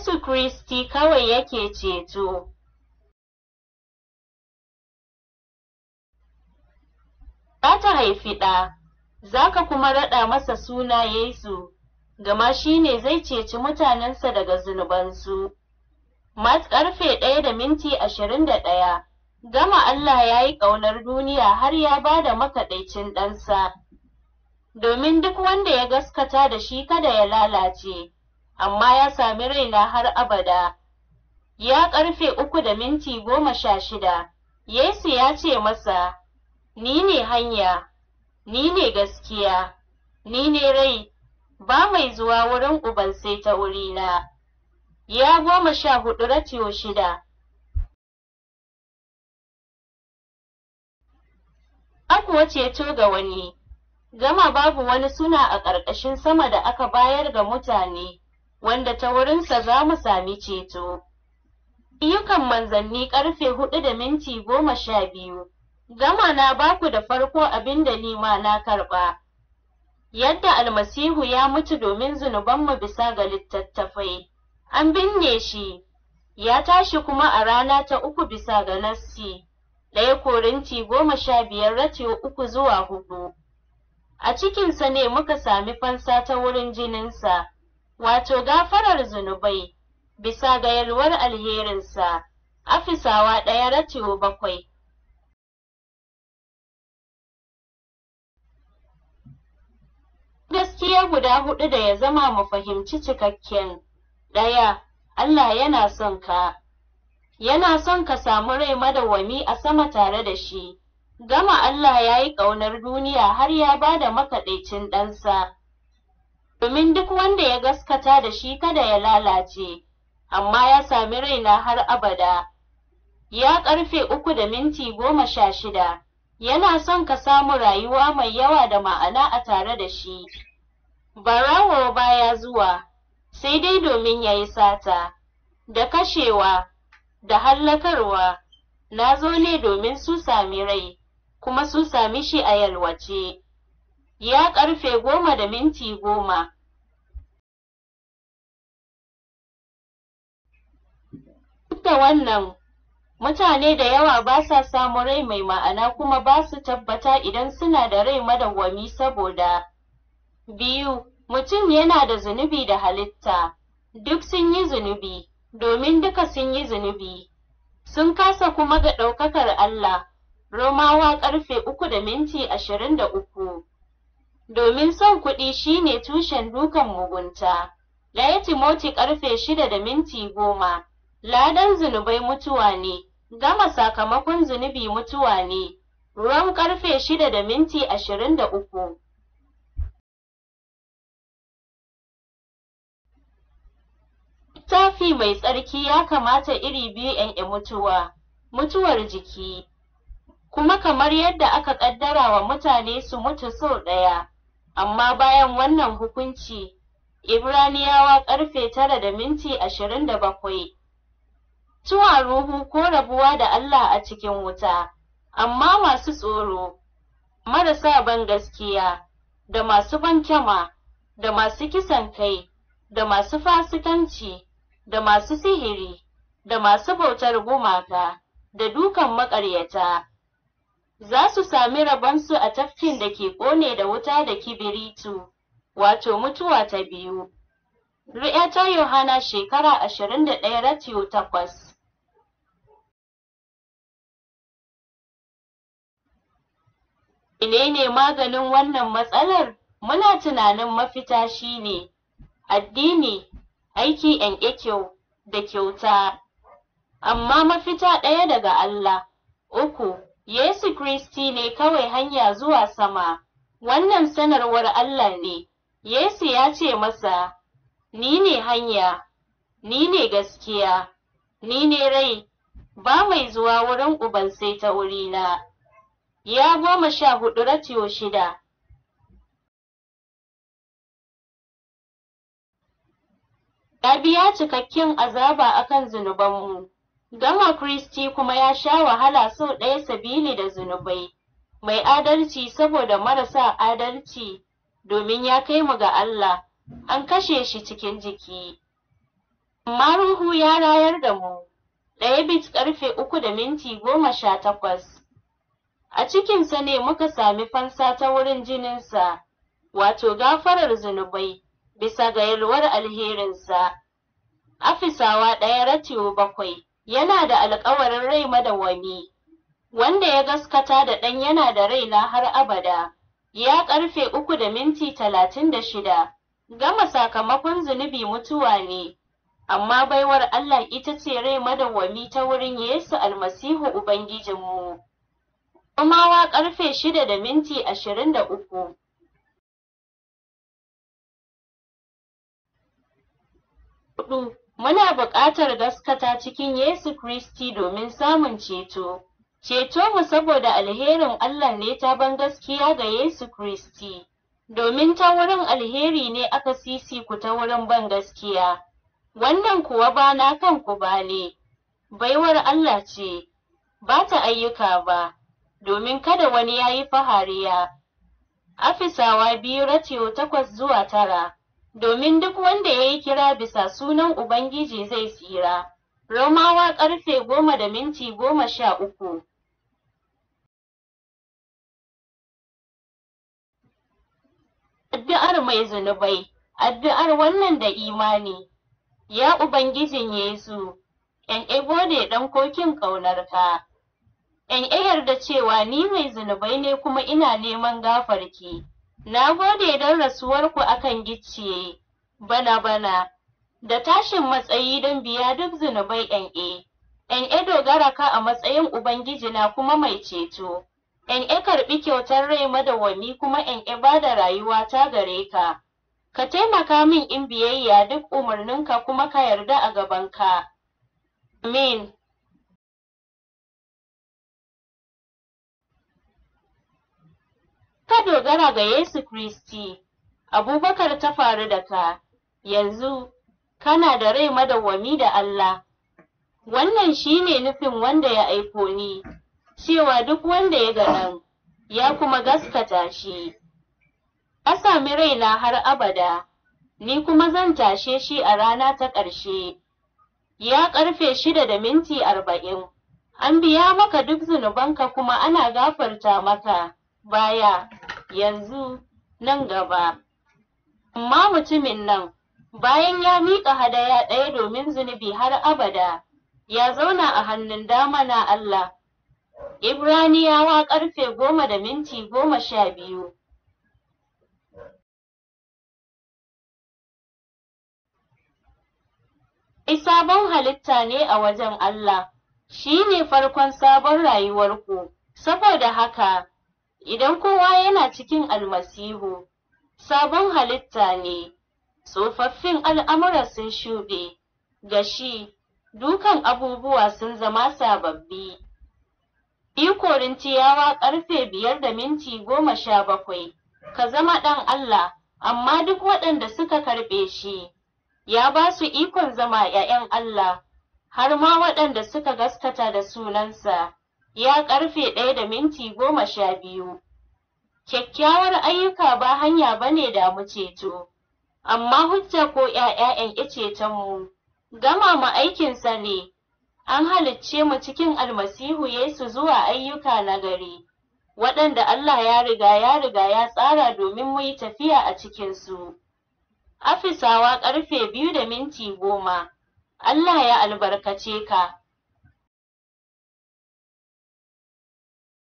Yesu Kristi kawai yake ceto. Za ta haifi ɗa, za ka kuma raɗa masa suna Yesu, gama shi ne zai ceci mutanensa daga zunubansu. Mat ƙarfe ɗaya da minti ashirin da ɗaya, gama Allah ya yi ƙaunar duniya har ya ba da makaɗaicin ɗansa, domin duk wanda ya gaskata da shi kada ya lalace. amma ya sami raina har abada. Ya ƙarfe uku da minti goma sha shida, Yesu ya ce masa, Ni ne hanya, ni ne gaskiya, ni ne rai, ba mai zuwa wurin Uban sai ta wurina. Ya goma sha hudu ratiyo shida. Akuwa ceto ga wani, gama babu wani suna a ƙarƙashin sama da aka bayar ga mutane. wanda ta wurinsa za mu sami ceto. iyukan manzanni ƙarfe hudu da minti goma sha biyu. Gama na baku da farko abin da nima na karɓa. Yadda almasihu ya mutu domin zunubanmu bisa ga littattafai, an binne shi, ya tashi kuma a rana ta uku bisa ga nassi, ɗaya korinti goma sha biyar ratiyo uku zuwa hudu. A cikinsa ne muka sami fansa ta wurin jininsa. wato gafarar zunubai bisa ga yalwar alherinsa afisawa ɗaya ratio bakwai gaskiya guda hudu da ya zama mu fahimci cikakken ɗaya Allah yana son ka yana son ka samu rai madawwami a sama tare da shi gama Allah ya yi ƙaunar duniya har ya ba da makaɗaicin ɗansa domin duk wanda ya gaskata da shi kada ya lalace, amma ya sami raina har abada. Ya ƙarfe uku da minti goma sha shida, yana son ka samu rayuwa mai yawa da ma'ana a tare da shi. Barawo baya zuwa, sai dai domin ya yi sata, da kashewa, da hallakarwa, na zo ne domin su sami rai, kuma su sami shi a yalwace. ya ƙarfe goma da minti goma. Duk da wannan, mutane da yawa ba sa samun rai mai ma'ana kuma ba su tabbata idan suna da rai madawwami saboda biyu, mutum yana da zunubi da halitta, duk sun yi zunubi, domin duka sun yi zunubi, sun kasa kuma ga ɗaukakar Allah, Romawa karfe uku da minti ashirin da uku. domin son kuɗi shine tushen dukan mugunta. Ɗaya Timoti ƙarfe shida da minti goma. Ladan zunubai mutuwa ne, gama sakamakon zunubi mutuwa ne. Ruwan ƙarfe shida da minti ashirin da uku. tafi mai tsarki ya kamata iri biyu ‘yan'ya mutuwa, mutuwar jiki, kuma kamar yadda aka ƙaddara wa mutane su mutu sau ɗaya. amma bayan wannan hukunci Ibraniyawa ƙarfe tara da minti ashirin da bakwai Tuwa ruhu ko rabuwa da Allah a cikin wuta, amma masu tsoro, marasa ban gaskiya, da masu bankyama, da masu kisan kai, da masu fasikanci, da masu sihiri, da masu bautar gumaka, da dukan maƙaryata, za su sami rabonsu a tafkin da ke ƙone da wuta da kibiritu, wato mutuwa ta biyu. ru'ya ta Yohana shekara ashirin da ɗaya ratiyo takwas. maganin wannan matsalar? Muna tunanin mafita shi ne, addini, aiki kyau da kyauta, amma mafita ɗaya daga Allah. Uku. Yesu Kristi ne kawai hanya zuwa sama, wannan sanarwar Allah ne, Yesu ya ce masa, Ni ne hanya, ni ne gaskiya, ni ne rai, ba mai zuwa wurin Uban sai ta na.' Ya goma sha hudu ratiyo shida. Ya biya cikakken azaba akan zunubanmu. Dama Kristi kuma ya sha wahala sau ɗaya sabili da zunubai, mai adalci saboda marasa adalci, domin ya kai mu ga Allah, an kashe shi cikin jiki. maruhu ya rayar da mu, ɗaya bit ƙarfe uku da minti goma sha takwas. A cikinsa ne muka sami fansa ta wurin jininsa, wato gafarar zunubai, bisa ga yalwar alherinsa. Afisawa ɗaya ratiyo bakwai. yana da alkawarin rai madawwami wanda ya gaskata da ɗan yana da rai na har abada ya ƙarfe uku da minti talatin da shida gama sakamakon zunubi mutuwa ne amma baiwar Allah ita ce rai madawwami ta wurin Yesu almasihu Ubangijinmu. Kumawa ƙarfe shida da minti ashirin da uku. Muna buƙatar gaskata cikin Yesu Kiristi domin samun ceto. Ceto mu saboda alherin Allah ne ta ban gaskiya ga Yesu Kiristi, domin ta wurin alheri ne aka sisi ku ta wurin ban gaskiya. Wannan kuwa ba na kanku ba ne, baiwar Allah ce, ba ta ayyuka ba, domin kada wani ya yi fahariya. Afisawa biyu ratiyo takwas zuwa tara. domin duk wanda ya yi kira bisa sunan Ubangiji zai tsira. Romawa ƙarfe goma da minti goma sha uku. Addu'ar mai zunubai, addu'ar wannan da imani, ya Ubangijin Yesu, ‘yan ego ne ɗan kokin ƙaunarka, ‘yan yarda cewa ni mai zunubai ne kuma ina neman gafarki. Na gode don rasuwarku akan gicciye, bana-bana, da tashin matsayi don biya duk zunubai ‘yan'e. ‘Yan'e dogara ka a matsayin Ubangiji na kuma mai ceto. e karɓi kyautar rai madawwami kuma e ba da rayuwa ta gare ka. Ka taimaka min in biyayya duk umarninka kuma ka yarda a gabanka. Amin. dogara ga Yesu Kristi, Abubakar ta faru da ka, yanzu kana da rai madawwami da Allah. Wannan shi ne nufin wanda ya aiko ni, cewa duk wanda ya ganan ya kuma gaskata shi. A sami raina har abada, ni kuma zan tashe shi a rana ta ƙarshe. Ya ƙarfe shida da minti arba'in, an biya maka duk zunubanka kuma ana gafarta maka. baya yanzu nan gaba. Amma mutumin nan, bayan ya miƙa hadaya ɗaya domin zunubi har abada, ya zauna a hannun dama na Allah. Ibraniyawa ƙarfe goma da minti goma sha biyu. Ai sabon halitta ne a wajen Allah, shi ne farkon sabon rayuwarku, saboda haka Idan kowa yana cikin almasihu, sabon halitta ne, tsofaffin al'amura sun shuɗe, gashi, dukan abubuwa sun zama sababbi. Bi Korintiyawa ƙarfe biyar da minti goma sha bakwai, ka zama ɗan Allah, amma duk waɗanda suka karɓe shi, ya ba su ikon zama ‘ya'yan Allah, har ma waɗanda suka gaskata da sunansa. ya karfe ɗaya da minti goma sha biyu. Kyakkyawar ayyuka ba hanya ba ne da mu ceto, amma hujja ko ‘ya'ya'yan mu gama mu aikinsa ne, an halicce mu cikin almasihu Yesu zuwa ayyuka na gari, waɗanda Allah ya riga ya riga ya tsara domin mu yi tafiya a cikinsu. Afisawa ƙarfe biyu da minti goma, Allah ya albarkace ka.